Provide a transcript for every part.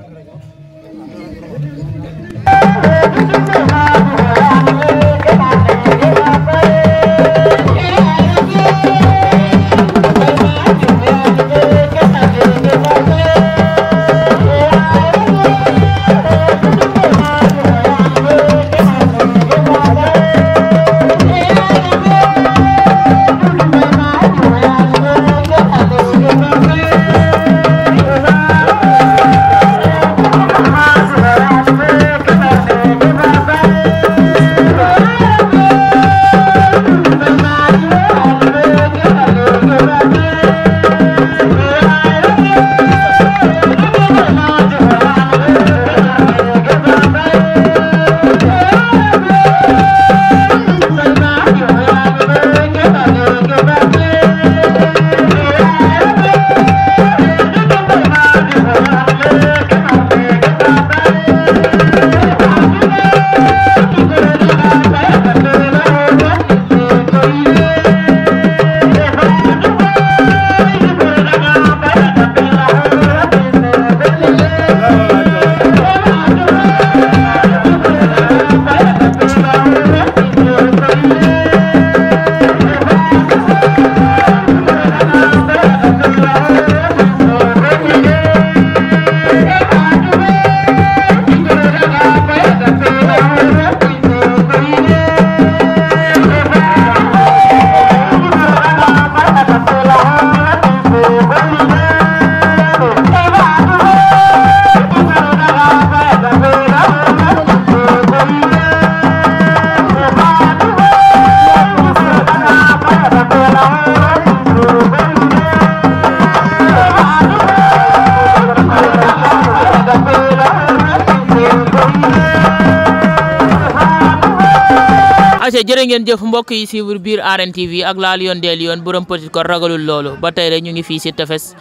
Thank you. aca jërë ngeen jëf mbokk yi suivre biir arène tv ak laal yoon deel yoon borom petit ko ragalul loolu ba tey rek ñu ngi fii si tefes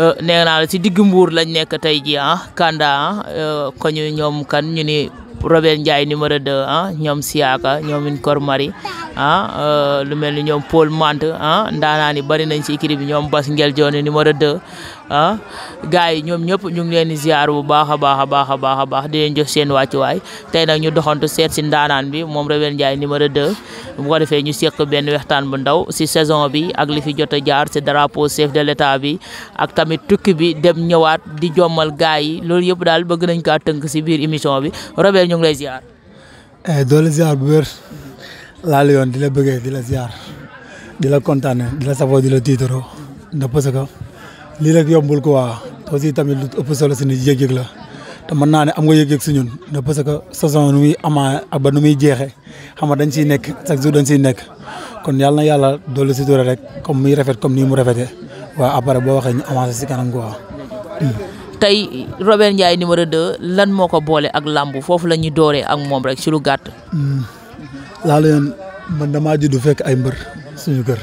euh, nee naa si digg mbuur lañ nekk tey ji ah kanda ah euh, ko ñu ñoom kan ñu ni Robert Ndiaye numéro 2 ah ñoom Siaka ñoom in kor mari ah euh, lu mel ni ñoom pool Mante ah ndaanaa ni bari nañ si équipe bi ñoom Bas Ngel Jooni numéro 2 ah gars yi ñoom ñëpp ñu ngi leen di ziar bu baax a baax baax a baax a baax di leen jox seen waay tey nag ñu doxantu seet si ndaanaan bi moom Robert Ndiaye numéro 2 bu ko defee ñu seq benn wextaan bu ndaw si saison bi ak li fi jot a jaar si drapeau chef de l'état bi ak tamit tukki bi dem ñëwaat di jommal gars yi loolu yëpp daal bëgg nañ kaa tënk si biir émission bi Robert ñu ngi lay ziar. Eh, doo la bu wér laa la yoon di la bëggee di la ziar di la safoo lii rek yombul quoi waa aussi tamit lu ëpp solo si nit yëg-yëg la te man naa ne am nga yëg-yëg si ñun ne parce que saison nu muy amaa ak ba nu muy jeexee xam nga dañ siy nekk chaque jour dañ siy nekk kon yàlla na yàlla dolli si dore rek comme muy rafet comme nii mu rafetee waaw après boo waxee ñu avancé si kanam quoi. waa tey Robert Ndiaye numéro 2 lan moo ko boole ak làmb foofu la ñuy dooree ak moom rek ci lu gàtt. Hmm. laala leen man damaa judd fekk ay mbër suñu kër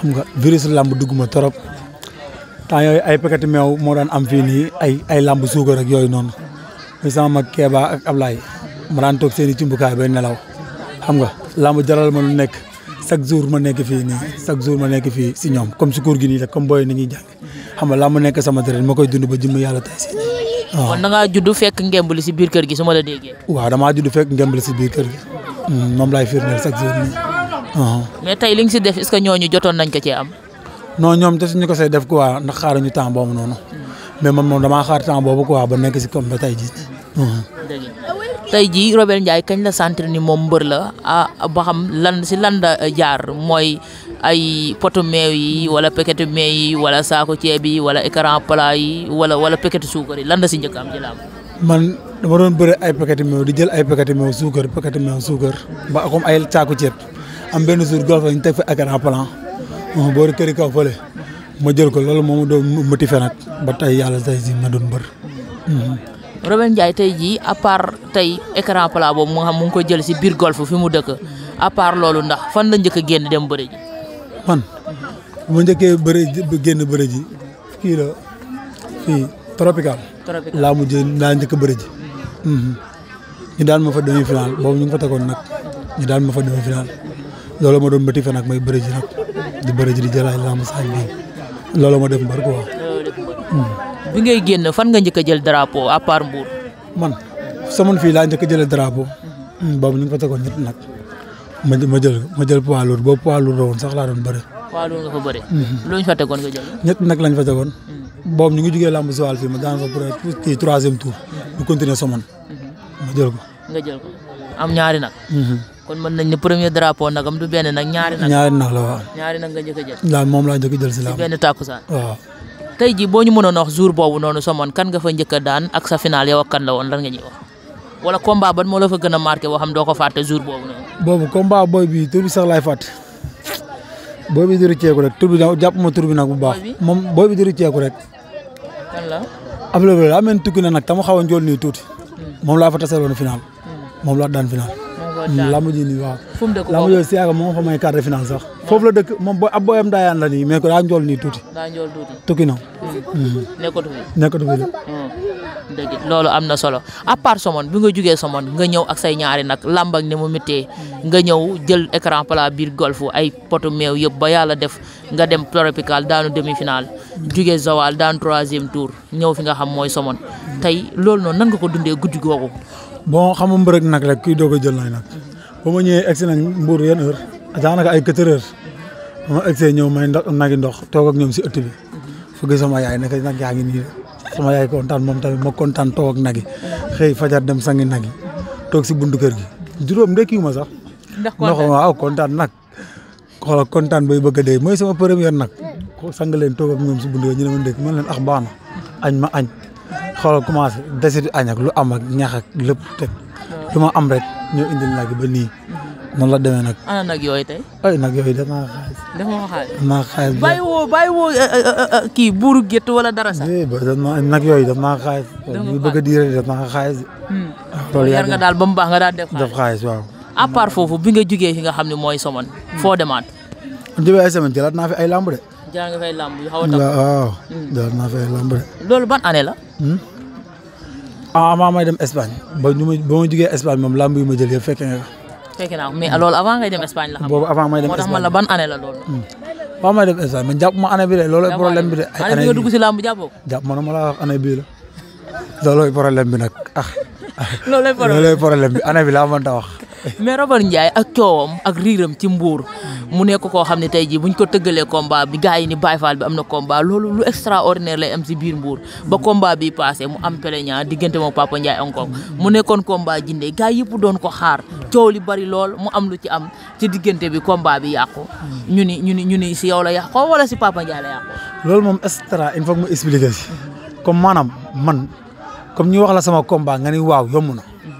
xam nga virus lamb dugg ma trop tayo ay pekati meew moo daan am fii nii ay ay lamb sugar ak yoy non muy sama mak keba ak ablay ma daan toog seen i cumbukaay bay nelaw xam nga lamb jaral ma lu nekk chaque jour ma nek fi ni sak jour ma nek fi si ñom comme si cour gi ni la comme boy ni ñi jang xam nga lamb nek sama deret ma koy dund ba jimu yalla tay ah. Ah. si waaw kon da nga juddu fek ngembali si biir kër gi suma ma la déggee. waaw damaa juddu fek ngembali si biir kër gi mom lay firnel sak jour ni mais tay liñ ci def est ce que ñoñu jotoon nañ ko ci am. non ñoom desuñu ko say def quoi ndax xaaruñu temps boobu noonu mais man moom damaa xaar temps boobu quoi ba nekk si comme ba tey jii. tey jii Robert Ndiaye kañ la sentir ni moom mbër la ah ba xam lan si lan la jaar mooy ay potu meew yi wala paquetu meew yi wala saako ceeb yi wala écran plat yi wala wala paquetu suukar yi lan la si njëkk am jëlaam. man dama doon bëre ay paquetu meew di jël ay paquetu meew suukar paquetu meew suukar ba comme ay saako ceeb am benn jour golf ñu teg fa écran plat. mo bor keri kaw fele ma jël ko lolou momu do fe nak ba tay yalla tay ji ma doon mbër mhm. Robert Ndiaye tay ji a part tay écran plat bo mo xam mu ngi ko jël ci bir golf fi mu dëkk a part lolou ndax fan la ñëk a dem bëre ji man ma njëkkee bëre génn bëre ji ki la fii tropical la mu jël na ñëk bëre ji mhm. ñu daan ma fa demi final bo ñu ngi fa tegoon nag ñu daan ma fa demi final lolou ma doon bëti fe nak may bëre ji nak di bëri ji di jëlaat lamb sañ bi loolu ma def mbër quoi. Hmm. bi ngay génn fan nga njëkk a jël drapeau à part Mbour. man sama fii laa njëkk a jëlee drapeau. Hmm, boobu ñu ngi ko tegoon ñett nag. ma ma jël ma jël poids lourd boobu poids lourd la woon sax laa doon bëri. poids lourd nga hmm. nga jël. ñett nag lañ fa tegoon. boobu ñu ngi jugee lamb Joal fii ma daan fa pour kii troisième tour. ñu continuer soman ma jël ko. nga jël ko am ñaari nag. kon mën nañ ne premier drapeau nagam du bene nag ñaari nag. ñaari la waaw. ñaari nag moom laa njëkk a jël si laa. si benn takkusaan waaw. tey jii boo ñu mënoon wax jour boobu noonu somoon kan nga fa njëkk daan ak sa final yow ak kan la woon lan nga ñuy wax ban moo la fa gën a marqué boo xam doo ko fàtte jour boobu noonu. boobu combat booy bi tur bi sax laay bi di rek tur bi nag jàpp ma tur bi nag bu baax. moom booy bi di rëcceeku rek. kan la. ab loolu la ameen tukki na nag tamu xaw a njool nii tuuti. Hmm. moom laa fa tasaloon final. Hmm. moom laa daan final. lamb ji nii waaw fu mu dëkk lamb jooju si yaaga moo fa may quart de finale sax foofu la dëkk ab booyam daa la nii mais ko daa njool nii tuuti tukki na hmm. Hmm. nekkatu fi nekkatu fi hmm. loolu am na solo à part Somone bi nga jugee Somone nga ñëw ak say ñaari nag lamb ak ni mu méttee nga ñëw jël écran plat biir golf ay potu meew yëpp ba yàlla def nga dem tropical daanu demi-finale jugee Joal daanu troisième tour ñëw fi nga xam mooy Somone tey loolu noonu nan nga ko bon xam nga mbërëg nag rek kii doog a jël nañ nag ba ma ñëwee egsi nañ mbuur yenn heure daanaka ay quatre heures ba ma egsee ñëw may ndox nagi ndox toog ñoom si ëtt bi fëgg sama yaay nekk nag yaa ngi nii sama yaay kontaan moom tamit ma kontaan toog ak nag yi xëy fajar dem sangi nag yi toog si buntu kër gi juróom ndekkiwu ma sax ndox waaw kontaan nag xoolal kontaan bay bëgg a dee mooy sama première nag sang leen toog ak ñoom si buntu kër ñu ne ma ndekki man leen ax baax añ ma añ xoolal commencé desitu añ ak lu am ak ñax ak lépp teg ma am rek ñoo indil nag ba nii. Mhm. noonu la demee nag. ana nag tey. ay nag yooyu def naa xaalis. def nga xaalis def naa eh, eh, eh, kii buuru gétt wala dara sax. ba naa nag yooyu def naa xaalis. bëgg a diire def xaalis. Hmm. Ah, loolu yar nga daal ba mu baax nga daal def. def xaalis waaw. à foofu bi nga jugee fi nga xam ne mooy Somone. Hmm. foo demaat. bu ñu jëlee ay semaine jëlaat naa fi ay lamb jaar nga fay a. waaw hmm. jaar naa la. Hmm? ah avant may ba ñu ma ba ma jugee moom làmb ma jël yëpp fekkee nga ko. fekkee naa loolu avant ngay dem Espagne la xam. boobu avant may dem Espagne moo hmm. ma année bi de loolu problème bi de. ay année bi nga dugg ma ne ma la wax année bi nag ah. loolooy problème bi loolooy bi année bi laa wax. mais Robert Ndiaye ak coowam ak riiram ci mbuur mu nekk koo xam ne tey jii buñ ko tëggalee combat bi gars yi ni Baye Fall bi am na combat loolu lu extraordinaire lay am si biir mbuur ba combat bi passé mu am peleña diggante moom Papa Ndiaye encore mu nekkoon combat jinde gars yëpp doon ko xaar coow li bari lool mu am lu ci am ci diggante bi combat bi yàqu hmm. ñu ni ñu ni ñu ni si yow la wala si Papa Ndiaye la yàqoo loolu moom extra il faut que si comme maanaam man comme ñu wax la sama combat nga ni waaw yomb na hmm.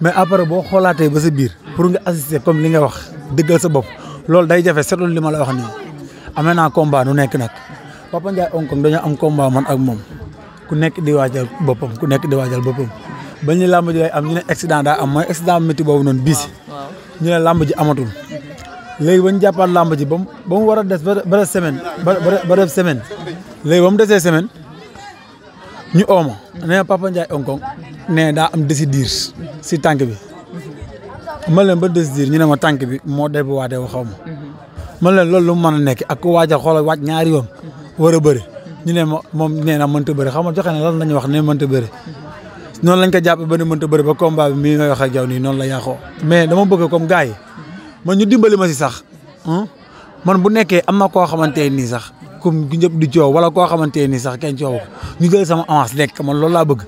mais après boo xoolaatee ba sa biir pour nga assister comme li nga wax dëggal sa bopp loolu day jafe seetlu li ma la wax nii amee naa combat nu nekk nag Papa Ndiaye Hong dañoo am combat man ak moom ku nekk di waajal boppam ku nekk di waajal boppam ba ñu làmb ji lay am ñu daa am mooy accident métti boobu noonu biis ñu ne làmb ji amatul léegi ba ñu jàppaat ji ba mu ba mu war a des ba des ba def semaine léegi ba desee semaine ñu ooma nee Papa Ndiaye Hong Kong daa am décidir si tànk bi man leen ba décidir ñu ne ma tànk bi moo débuwaatee wu xaw ma. Mhm. man leen loolu lu mu nekk ak ku waaj a xoolal waaj ñaari yoon. Mhm. war a bëri ñu ne ma moom nee na mënta bëri xam ma joxe na lan la ñu wax ne mënta bëri. Mhm. noonu lañ ko jàpp ba ne mënta bëri ba combat bi mii ngay wax ak yow nii noonu la yàqoo. mais dama bëgg comme gars yi man ñu dimbali ma si sax man bu nekkee am na koo xamante nii sax kum gi ñep di coow wala koo xamanteni ni sax kenn coow ñu jël sama avance lek man loolu la bëgg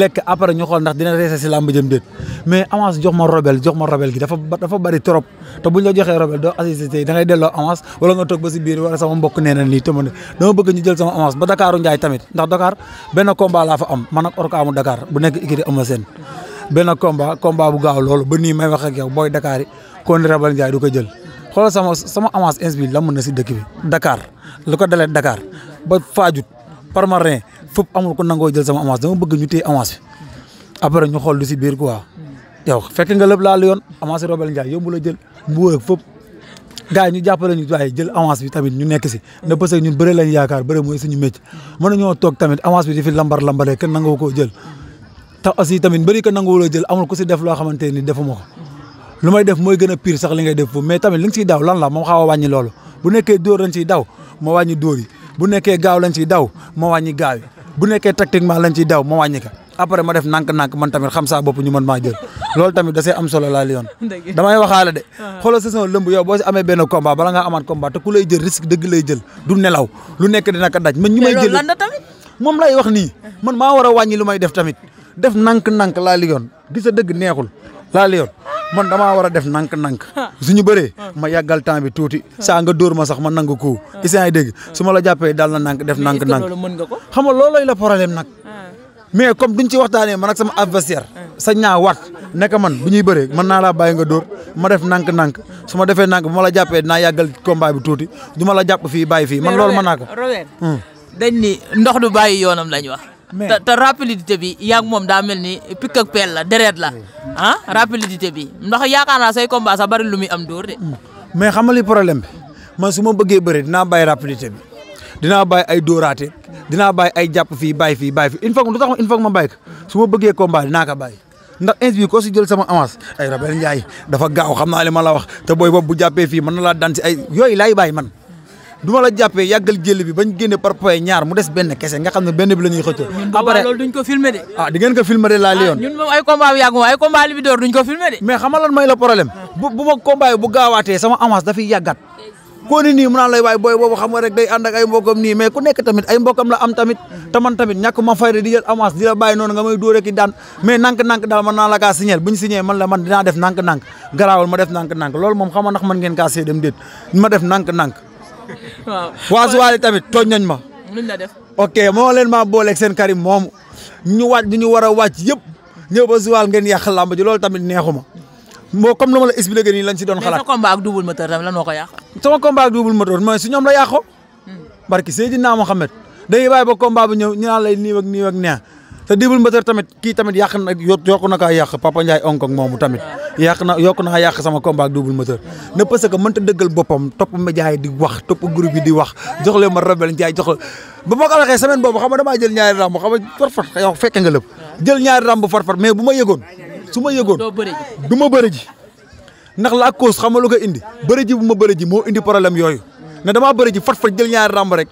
lek après ñu xol ndax dina réssé ci lamb jëm déet mais avance jox ma robel jox ma robel gi dafa dafa bari trop te buñ la joxé robel do assisté da ngay delloo avance wala nga tok ba ci biir wala sama mbokk nee na lii te man dama bëgg ñu jël sama avance ba Dakaru Njaay tamit ndax Dakar ben combat la fa am man ak mu Dakar bu nekk ikiri ama sen ben combat combat bu gaaw loolu ba ni may wax ak yow boy Dakar yi kon Rebal Njaay du ko jël xoolal sama sama avance ins bi lamu na ci dëkk bi Dakar lu ko dalee Dakar ba par marin fépp amul ko nango jël sama avance dama bëgg ñu téye avance après ñu xol lu ci biir quoi yow fekk nga lepp la laal yon avance Robel Ndiaye yomb la jël mbuur wër fépp gaay ñu jappalé ñu way jël avance bi tamit ñu nekk ci ne parce que ñun bëré lañ yaakar bëré moy suñu mecc mëna ñoo tok tamit avance bi di fi lambar lambaree kenn nango ko jël ta aussi tamit bëri ko nango la jël amul ko ci def lo xamanteni defumako lu may def mooy gën a pire sax li ngay def foofu mais tamit li nga siy daw lan la moom xaw a wàññi loolu bu nekkee dóor lañ siy daw ma wàññi dóor yi bu nekkee gaaw lañ siy daw ma wàññi gaaw bu nekkee tactiquement lañ siy daw ma wàññi ka après ma def nànk-nànk man tamit xam saa bopp ñu mën maa jël loolu tamit da see am solo laa li yoon damay waxaale de ah. xoolal saison lëmb yow boo si amee benn combat bala ngaa amaat combat te ku lay jël risque dëgg lay jël du nelaw lu nekk dina ko daj man ñu may jël moom lay wax nii man maa war a wàññi lu may def tamit def nànk nank laa li yoon gisa dëgg neexul laa li yoon man damaa war a def nank-nank ñu bëree ma yàggal temps bi tuuti saa nga dóor ma sax ma nangu ko isaan yi dégg su ma la jàppee daal na nank def nank-nank xam nga loolooy la problème nag mais comme duñ ci waxtaanee ma nak sama adversaire sa ñaa waat nekk man bu ñuy bëree mën naa laa bàyyi nga dóor ma def nank-nank su ma defee nank bu ma la jàppee dinaa yàggal combat bi tuuti du ma la jàpp fii bàyyi fii ma loolu mën naa ko hmm. dañ ni ndox du bàyyi yoonam lañ wax te te rapidité bi yaa moom daa mel ni picc ak la deret la ah rapidité bi ndax yaakaar naa say combat sax bari lu muy am dóor de. Mm. mais xam nga li problème bi man su ma bëggee bëri dinaa bàyyi rapidité bi dinaa bàyyi ay dóoraate dinaa bàyyi ay jàpp fii bàyyi fii bàyyi fii il faut que lu tax il ma bàyyi ko su ma bëggee combat dinaa ko bàyyi. ndax insi bi ko si jël sama avance ay Robert Ndiaye dafa gaaw xam naa li ma la wax te booy bob bu jàppee fii mën na laa daan si ay yooyu laay bàyyi man. du la jàppee yàggal jël bi bañ génne par point ñaar mu des benn kese nga xam ne benn bi la ñuy xëccoo. après loolu duñ ko filmé de. ah di ngeen ko filmé de laa ah, li yoon. ñun moom ay combat bi yàgg bu bu ma bu gaawaatee sama avance dafay yàggat. koo ni nii mu naan lay waaye booy boobu xam nga rek day ànd ak ay nekk tamit ay mbokkam la am tamit te tamit ñàkk ma fayda di jël avance di la bàyyi noonu nga may dóore ki daan mais nànk-nànk daal man naa la kaa signé bu ñu signé man la man dinaa moom xam nga ndax man ngeen kaa waaw waa tamit tooñ nañ ma. nuñ la def ok moo leen maa booleeg seen Karim moom ñu wàcc ñu war a wàcc yëpp ñëw ba Joal ngeen yàq làmb ji loolu tamit neexuma moo comme nu ma la expliqué nii lañ si doon xalaat. mais sa combat ak double moteur tamit lan moo ko yàq. sama combat ak double moteur si ñoom la yàqoo. Hmm. barki Seydina Mohamed dañuy bàyyi ba combat bi ñëw ñu naan lay niiw ak niiw ak neex te Double Moteur tamit kii tamit yàq na yokk na kaa yàq Papa Ndiaye onk ak moomu tamit yokk na kaa yàq sama combat ak Double Moteur ne parce que mënta dëggal boppam topp média yi di wax topp groupe yi di wax jox leen ma Rebelle Ndiaye jox ba ma ko waxee semaine boobu xam nga damaa jël ñaari ramb xam nga farfar yow fekke nga lépp jël ñaari ramb farfar mais bu ma yëgoon su ma yëgoon du ma bëri ji la cause xam nga lu ko indi bëri ji bu ma bëri ji moo indi problème yooyu ne bëri ji farfar jël ñaari ramb rek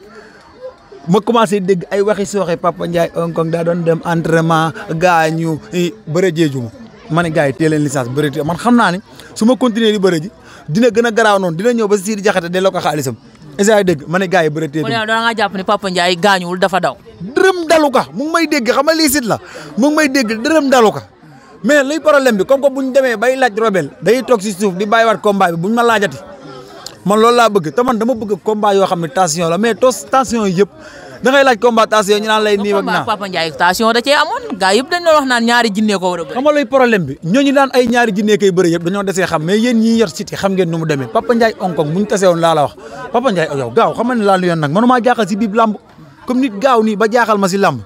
ma commencé dégg ay waxi sooxe Papa Ndiaye Hong daa doon dem entraînement gaañu bëre jeeju ma ma ne gars yi teel leen licence xam naa ne su ma continuer di bëre ji dina gën a garaaw noon dina ñëw ba Sidi Diakhaté delloo ko xaalisam est-ce que dégg ma ne gars yi bëre teel. kon yow da ngaa jàpp ne Papa dafa daw. dërëm dalu ka mu ngi may dégg xam nga lii la mu ngi may dégg dërëm dalu ka mais luy problème bi comme que bu ñu demee bay laaj robel day toog si suuf di bàyyiwaat man loolu la bëgg té man dama bëgg combat yo xamni tension la mais tos tension yépp da ngay laaj combat tension ñu naan lay nii ak na Papa ndjay tension da cee amone gaay yépp dañ doon wax naan ñaari jinné ko wara bëgg xam nga lay problème bi ñoo ñu daan ay ñaari jinné kay bëre yépp dañoo déssé xam mais yeen ñi yor city xam ngeen numu démé Papa ndjay Hong Kong bu ñu taseewoon laa la wax Papa ndjay yow gaaw xam nga la lu yoon nak manuma jaaxal ci bib lamb comme nit gaaw ni ba jaaxal ma ci lamb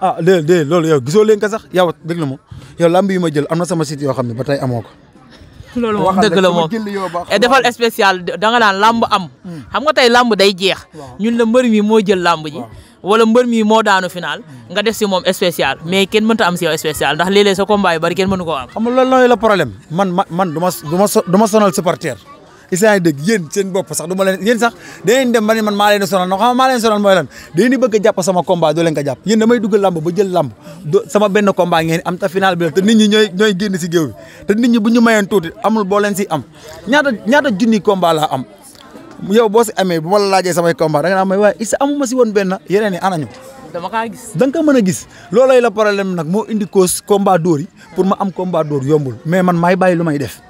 ah déedéet loolu yow gisoo leen ka sax yow dégg na ma yow lamb yi ma jël amna sama city yo xamni ne ba tey amoo loolu moom dëgg la moom et eh, defal spécial danga naan làmb am. Hmm. xam nga tey làmb day jeex. ñun la mbër mi moo jël làmb ji. wala mbër mi moo daanu finaal hmm. nga def si moom spécial mais kenn mënta am si yow spécial ndax léeg-léeg sa combat bari kenn mënu ko am. xam nga la problème man man man du ma du ma sonal supporter gis naa yeen seen bop sax duma len yeen sax dangeen dem man man ma len sonal no xam ma len sonal moy lan dangeen di beug japp sama combat do len ko japp yeen damay duggal lamb ba jël lamb do sama benn combat ngeen am ta final bi te nit ñi ñoy ñoy genn ci geew bi te nit ñi bu ñu mayeen amul bo len ci am ñaata ñaata jooni combat la am yow bo ci amé bu ma laaje sama combat da nga may waaye isa amuma ci won benn yeneen ni anañu dama ka gis dang ka meuna gis lolay la problème nak mo indi cause combat dóor pour ma am combat d'or yombul mais man lumai lu may def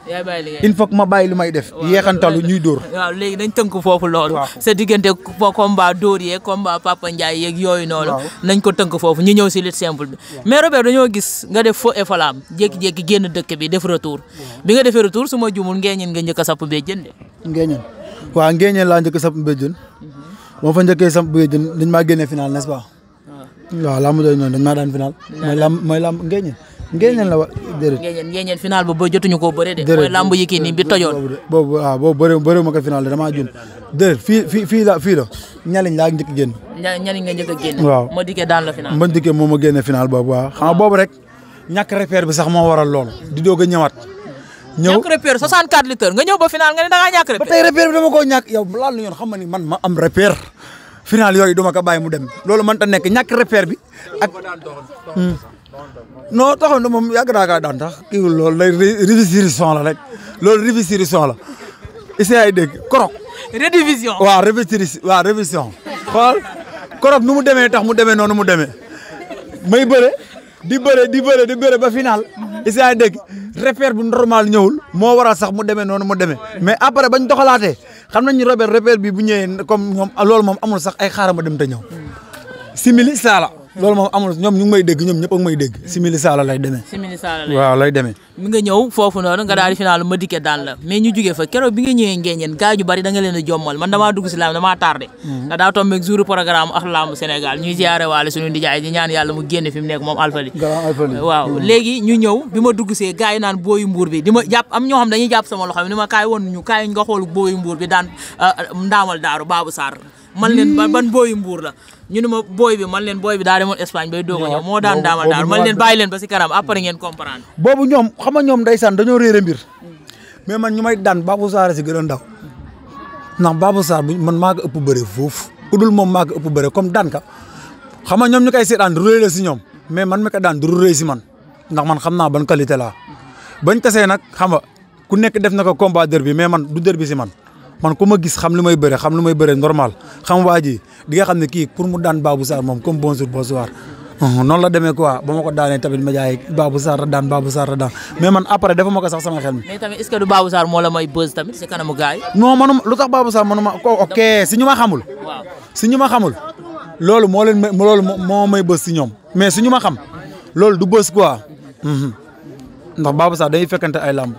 il faut que ma bay lu def yeexantalu ñuy d'or waaw léegi dañ fofu lolu loolu sa fo combat d'or yé combat papa yé ak yoy nonu nañ ko teunk fofu ñi ñew ci lit simple bi mais Robert dañu gis nga def fo efalam jek jek genn dekk bi def retour bi nga def retour suma ma jumul ngeeñeen nga ñëk a be jënd wa la ñëk be jënd mo fa be jënd ma gënné final n'est-ce pas waaw laa dañ final mooy lam mooy lam ngeeñeen ngeñal la déedéet ngeñal ngeñal final ba ba jotuñu ko bëre de moy lamb yi kii ni bi tojoon boobu waaw boobu ah, bëre final de dama jun déedéet fi fii fii la fii la ñaliñ laa njëkk génn ñaliñ nga njëkk génn waaw ma final ma dikkee moo ma final boobu waaw xam nga boobu rek ñàkk repère bi sax moo waral loolu di doog ñëwaat repère 64 nga ñëw ba final nga ne da ngaa ñàkk repère ba tey repère bi dama koo yow laal xam ni man ma am repère final yooyu duma ko bàyyi mu dem loolu mën ta nekk ñàkk repère bi ak non taxaw na moom yàgg naa kaa daan tax kii loolu lay révision la rek loolu révision la is ay dégg korok. révision waaw révision waaw révision. xool korok nu mu demee tax mu demee noonu mu demee may bëre di bëre di bëre di bëre ba final. is ay dégg repère bu normal ñëwul moo waral sax mu demee noonu mu demee mais après bañ doxalaatee xam nañ repère repère bi bu ñëwee comme moom loolu moom amul sax ay xaaral ma dem te ñëw simili saala. loolu moom amul ñoom ñu ngi may dégg ñoom ñëpp ak may dégg. simili saala lay demee. simili saala lay waaw lay demee. mi nga ñëw foofu noonu nga daal di fa keroog bi nga ñëwee ngeen gaa yu bari da nga leen a jommal man damaa dugg si laam damaa tardé. ndax hmm. daa tombé jour programme ak laamu Sénégal ñuy ñaan yàlla mu génne fi mu nekk moom Alfali. waaw hmm. léegi bi ma dugg see gaa yi naan booyu mbuur bi di ma jàpp am ñoo xam dañuy jàpp sama loxo ni ma kaay woon ñu kaay nga xool booyu bi daan ah, ndaamal daaru Babou Sarr man leen ban booyu mbuur la ñu ne ma booy bi man leen booy bi daa demoon Espagne bay doog a moo daan daama daal man leen bàyyi leen ba si kanam après ngeen comprendre. boobu ñoom xam nga ñoom ndeysaan dañoo réere mbir mm. mais man ñu may daan Babou saara si gën a ndaw ndax Babou Sarr bi man maa ko ëpp bëre foofu ku dul moom maa ko ëpp bëre comme daan ka xam nga ñoom ñu koy seetaan du rëy si ñoom mais man mi ko daan du rëy si man ndax man xam naa ban qualité laa bañ tasee nag xam nga ku nekk def na ko combat derby mais man du derby si man man kuma gis xam lu may xam lu may normal xam waji di nga xam ki pour mu daan babu sar mom comme bonjour bonsoir mhm, non la demee quoi bama ko daanee tamit ma jaay babu sar daan babu sar daan mais man après dafa mako sax sama xel mais tamit est ce que du babu sar mo la may buzz tamit si kanamu gars non man lu tax Babou Sarr manuma ko ok si ñu xamul. waaw si ñu xamul. loolu mo len loolu mo may buzz si ñom mais suñu ma xam loolu du buzz quoi mhm. ndax babu sar day fekkante ay lamb làmb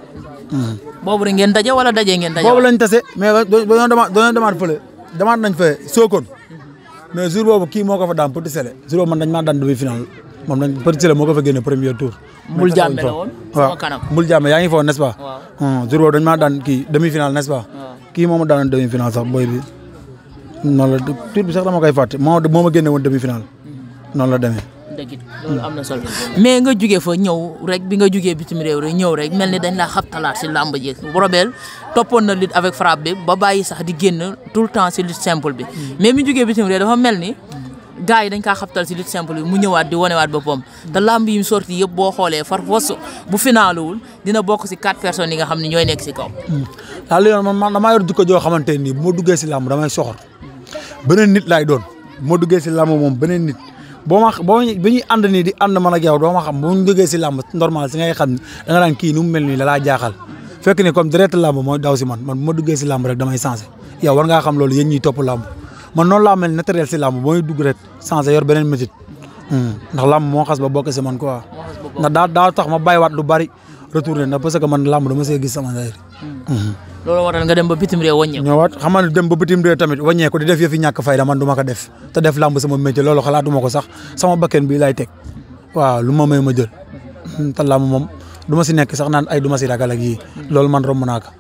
mhm. boobu rek ngeen daje wala daje ngeen daje. boobu lañ tase mais dañoo demaat dañoo demaat fële demaat nañ fa Sokone mhm. mais jour boobu kii moo ko fa daan Petit Sélé jour boobu man dañ maa daan demi final moom dañ Petit Sélé moo ko fa génne premier tour. mul jàmme la woon sama kanam waaw mul jàmme yaa ngi foofu n'est-ce pas. waaw hmm, jour boobu dañ maa daan kii demi final n'est-ce pas. kii moom ma daan demi final sax booy bi noonu la tur bi sax dama koy fàtte moo moo ma génne woon demi final mhm. noonu la demee. dëgg it loolu am na solo mais nga jógee fa ñëw rek bi nga jógee bitim rek ñëw rek mel ni dañ laa xabtalaat si làmb ji Robel toppoon na lutte avec frappe bi ba bàyyi sax di génn tout le temps si lutte simple bi hmm. mais mu jógee bitim réew dafa mel ni gars yi dañ kaa xabtal si lutte simple bi mu ñëwaat di wanewaat boppam te làmb yi mu sorti yëpp boo xoolee far fos bu finaaluwul dina bokk si quatre personnes yi nga xam ne ñooy nekk si kaw daal hmm. yoon ma damay soxor hmm. beneen nit laay doon bu ma duggee boo ma boo bi ñuy ànd nii ma xam bu ñu jógee si làmb normal si ngay xam ne da nga daan kii nu mu mel nii da laa jaaxal fekk ni comme direct làmb mooy daw si man man bu ma duggee si làmb rek damay sensé yow war ngaa xam loolu yéen ñuy topp làmb man noonu laa mel naturel si booy dugg rek sensé yor beneen métit hmm, ndax làmb moo xas ba bokk si man quoi ndax daa daa tax ma bàyyiwaat lu bari retourné na parce que man lamb dama see gis sama njëriñ Lolo waral ya nga dem ba bitim réew wàññeeku ñëwaat xam nga ya dem ba bitim réew tamit wàññeeku ya, di def yëfi ñàkk fayda man duma ko def te def làmb sama métier loolu xalaatuma ko sax sama bakken bi lay teg waaw lu ma may ma jël te làmb moom du ma si nekk sax naan ay du si ragal ak yii loolu man romb naa ko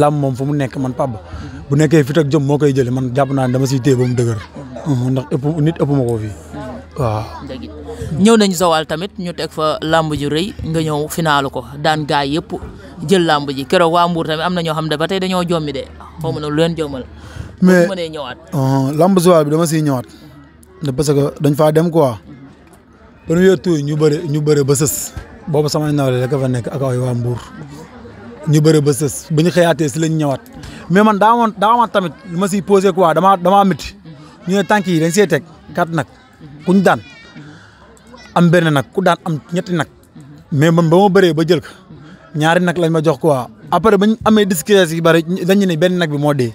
làmb moom fu mu nekk man pab bu nekkee fit ak jom moo koy jëlee man jàpp naa ne dama siy téye ba mu dëgër hmm, ndax ëpp nit ëpp ma koo fii waaw ñëw nañ Joal tamit ñu teg fa làmb ju rëy nga ñëw finaalu ko daan gaay yëpp jël làmb ji keroog waa Mbour tamit am na ñoo xam ne ba tey dañoo jommi de xaw ma ne lu leen jommal. mais mënee ñëwaat. Uh-huh. làmb Joal bi dama siy ñëwaat. parce que dañ faa dem quoi. premier tour ñu bëre ñu bëre ba sës. boobu samay nawle rek fa nekk ak ay Mbour. ñu bëre ba sës bu ñu xëyaatee si lañ ñëwaat. mais man daa amoon daa tamit lu ma siy posé quoi damaa damaa métti. ñu ne tànk yi dañ see teg kat nag kuñ daan am benn nag ku daan am ñetti nag mais man ba ma bëree ba jël ñaari nag lañ ma jox quoi après bañ amee discrétion yi bari dañu ne benn nag bi moo dee.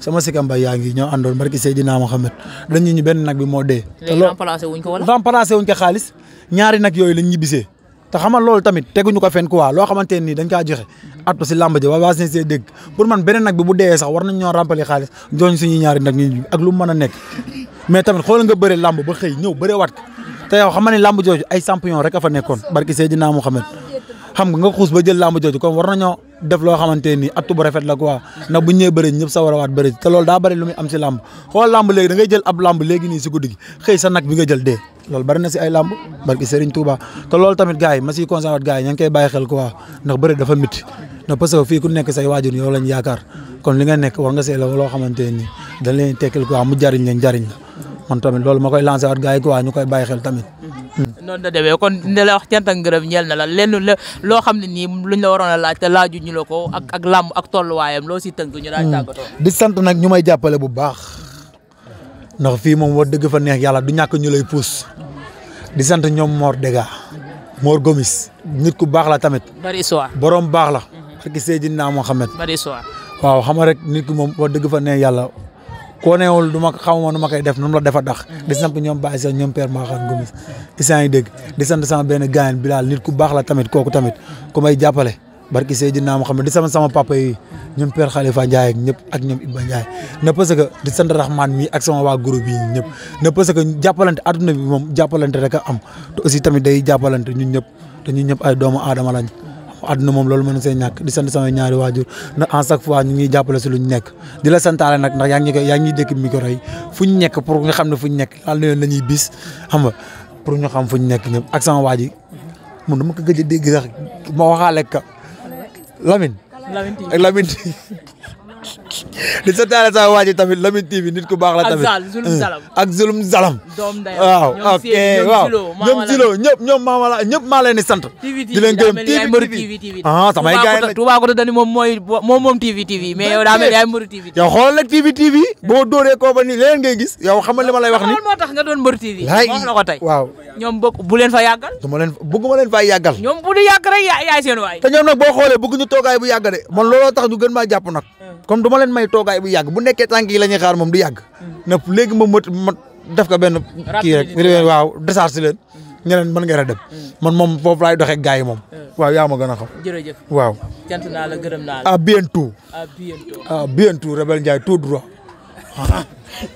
sama sikam bay yaa ngi ñoo àndoon barki Seydina Mohamed dañu ñu benn nag bi moo dee. te loolu remplacé wuñ ko wala. remplacé wuñ ko xaalis ñaari nag yooyu lañ ñibbisee te xamal loolu tamit teguñu ko fenn quoi loo xamante ne nii dañ kaa joxe. at ko si pour man beneen nag bu deewee sax war nañ ñoo rempali xaalis jooñ suñuy ñaari nag ak lu mu mën a nekk mais tamit xoolal nga bëre làmb ba xëy ñëw bëre wat ko te yow xam nga ne làmb jooju ay champion rek a fa nekkoon barki Seydina Mohamed xam nga xous ba jël lamb jojju kon war nañu def lo xamanteni atou bu rafet la quoi na bu ñëwee bari ñep sa wara a waat bëri te lool da bari lu muy am ci lamb xool lamb léegi da ngay jël ab lamb léegi ni ci guddi gi sa nak bi nga jël de lool bari na si ay lamb barki Serigne Touba te lool tamit gaay ma ci conseillé wat gaay ñang kay baye xel quoi ndax bari dafa métti na parce que fii ku nekk say wajur yo lañ yaakar kon li nga nekk war nga see la loo xamante ni dañ leen tekkal quoi mu jariñ leen jariñ man tamit lool makoy lancer wat gaay quoi ñukoy baye xel tamit non da dewe kon ne la wax ci ak ngeureum ñel na la lenn lo xamni ni luñ la warona laaj te laaju ñu lako ak ak lamb ak wayam lo ci teunk ñu daal hmm. tàggatoo di sant nak ñu may jàppale bu baax nak fi mom wa deug fa neex yalla du ñak ñu lay pousse di sant ñom Mor Dega Mor Gomis nit ku baax la tamit bari soir borom baax la hmm. ak que Seydina Mohamed bari soir waaw xama rek nit ku mom wa deug fa neex yalla koo neewul du ma xamuma nu ma koy def nu mu la defa dax di sant ñoom Baye Seck ñoom Père Maxane Gomis isaan yi dégg di sant sama benn gaayan Bilal nit ku baax la tamit kooku tamit ku may jàppale barki Seydina Muhammad di sama sama papa yi ñoom Père Khalifa Ndiaye ak ak ñoom Iba Ndiaye ne parce que di sant Rahman mi ak sama waa groupe yi ñëpp ne parce que jàppalante adduna bi moom jàppalante rek am te aussi tamit day jàppalante ñun ñëpp te ñun ñëpp ay doomu aadama lañ àdduna moom loolu mën na see ñàkk di sant sama ñaari waajur na en chaque fois ñu ngi jàppale si luñ nekk di la santaale nag ndax yaa ngi koy yaa yi fu ñu nekk pour nga xam ne fu ñu nekk laal na yoon la ñuy xam nga pour ñu xam fu ñu nekk ñëpp ak sama waaj yi mun dama ko gëj a dégg sax ma waxaale ka Lamine. Lamine ak di sa taale sa waa TV nit ku baax la tamit mm. ak zulum zalam waaw ok waaw ñoom silo ah, moom moom TV TV mais yow daa mel yaay mbëru TV yow xoolal TV TV boo TV yaay seen waay te ñoom nag boo xoolee bëgguñu toogaay bu yàgg de man looloo tax ñu maa jàpp comme du leen may toogaay bu yàgg bu nekkee tànk yi la ñuy xaar moom du yàgg. na léegi moom mot ma def ko benn. kii waaw décharge leen. ñu leen mën ngeen a dem. Mm. man moom foofu laay doxee gaa yi moom. Mm. waaw yaa ma gën a xam. jërëjëf waaw. sant naa la gërëm naa la. à bientôt. à bientôt. à bientôt Rebelle Ndiaye tout droit.